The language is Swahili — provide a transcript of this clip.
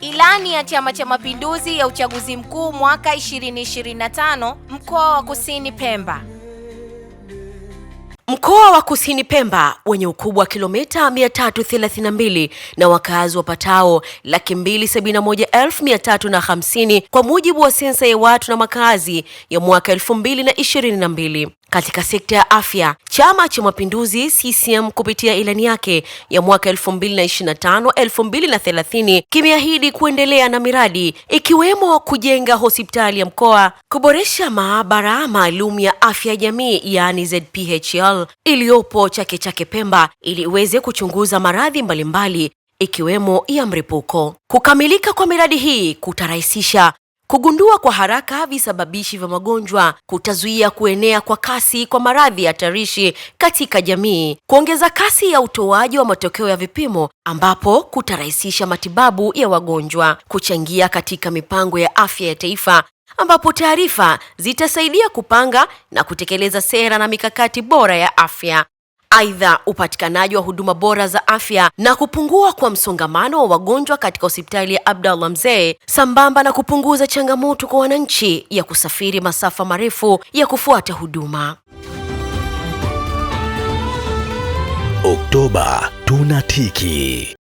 Ilani ya Chama cha Mapinduzi ya uchaguzi mkuu mwaka 2025 mkoa wa Kusini Pemba. Mkoa wa Kusini Pemba wenye ukubwa wa kilomita 332 na wakazi wapatao laki 271350 hamsini kwa mujibu wa sensa ya watu na makazi ya mwaka 2022. Katika sekta ya afya, Chama cha Mapinduzi CCM kupitia ilani yake ya mwaka 2025 2030 kimeahidi kuendelea na miradi ikiwemo kujenga hospitali ya mkoa, kuboresha maabara maalum ya afya ya jamii yaani ZPHL iliyopo Chake Chake Pemba ili iweze kuchunguza maradhi mbalimbali ikiwemo ya mripuko. Kukamilika kwa miradi hii kutarahisisha Kugundua kwa haraka visababishi vya magonjwa kutazuia kuenea kwa kasi kwa maradhi hatarishi katika jamii, kuongeza kasi ya utoaji wa matokeo ya vipimo ambapo kutarahisisha matibabu ya wagonjwa, kuchangia katika mipango ya afya ya taifa ambapo taarifa zitasaidia kupanga na kutekeleza sera na mikakati bora ya afya aidha upatikanaji wa huduma bora za afya na kupungua kwa msongamano wa wagonjwa katika hospitali ya Abdallah Mzee sambamba na kupunguza changamoto kwa wananchi ya kusafiri masafa marefu ya kufuata huduma. Oktoba tunatiki.